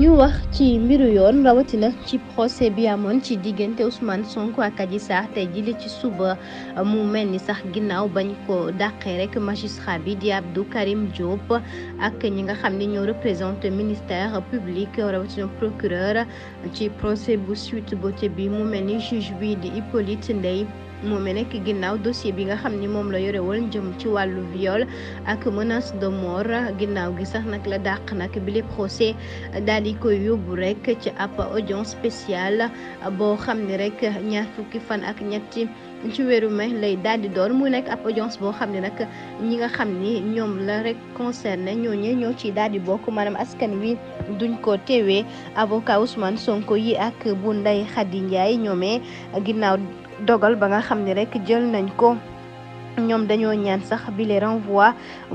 ñu wax ci mbiru yoon rawatina ci procès bi amoon ci diggante Ousmane Sonko ak Adji Sarr tey jile ci suba mu mel ni sax ginnaaw bañ ko dàqee rek magistrat bi di Abdou Karim Diop ak ñi nga xam ne ñoo représenter ministère public rawatina procureur ci procès bu Sweet Beauté bi mu mel ni juge bi di Hippolyte ndey moom mi nekk ginnaaw dossier bi nga xam ni moom la yore woon njëm ci wàllu viol ak menace de mort ginnaaw gi sax nag la dàq nag bi le di koy yóbbu rekk ci ab audience spéciale boo xam ni rek ñaar fukki fan ak ñetti ci weeru mai lay daal di doon mu nekk ab audience boo xam ne nag ñi nga xam ni ñoom la rek concerné ñooñu ñoo ci daal di bokk maanaam askan wi duñ ko teewee avocat Ousmane Sonko yi ak bu Ndeye Khady Ndiaye ñoomee ginnaaw dogal ba nga xam ni rek jël nañ ko. ñoom dañoo ñaan sax bi les renvoi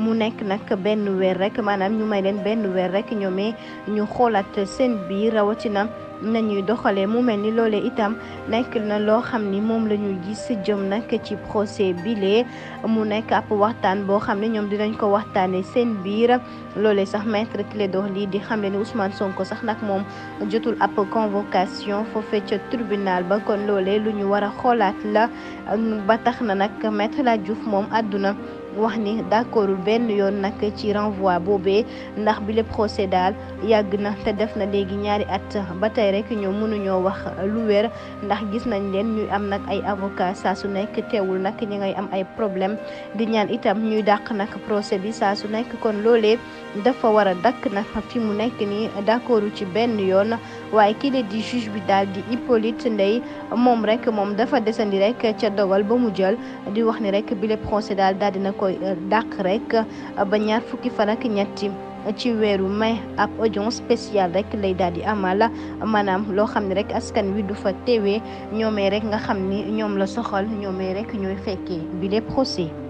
mu nekk nag benn weer rek maanaam ñu may leen benn weer rek ñoomee ñu xoolaat seen biir rawatina nañuy doxalee mu mel ni loole itam nekk na loo xam ni moom la ñuy gis jëm nag ci procès bile mu nekk ab waxtaan boo xam ne ñoom dinañ ko waxtaanee seen biir loole sax maître Clédor lii di xam ne ni Ousmane Sonko sax nag moom jotul ab convocation foofee ca tribunal ba kon loole lu ñu war a xoolaat la ba tax na nag maître la Diouf moom àdduna wax ni d'accordul benn yoon nag ci renvoi boobee ndax bi lépp procès daal yàgg na te def na léegi ñaari at ba tey rek ñoom mënuñoo wax lu wér ndax gis nañ leen ñuy am nag ay avocat saa su nekk teewul nag ñi ngay am ay problème di ñaan itam ñuy dàq nag procès bi saa su nekk kon loolee dafa war a dakk nag fi mu nekk nii d'accordu ci benn yoon waaye kii la di juge bi daal di Hippolyte ndey moom rek moom dafa desandi rek ca dogal ba mu jël di wax ni rek bi le procès daal daal dina koy euh, dàq rek euh, ba ñaar fukki fan ak ñetti ci weeru may ab audience spéciale rek lay daal di amal maanaam loo xam ne rek askan wi du fa teewee ñoomee rek nga xam ni ñoom la soxal ñoomee rek ñooy fekkee bi le procès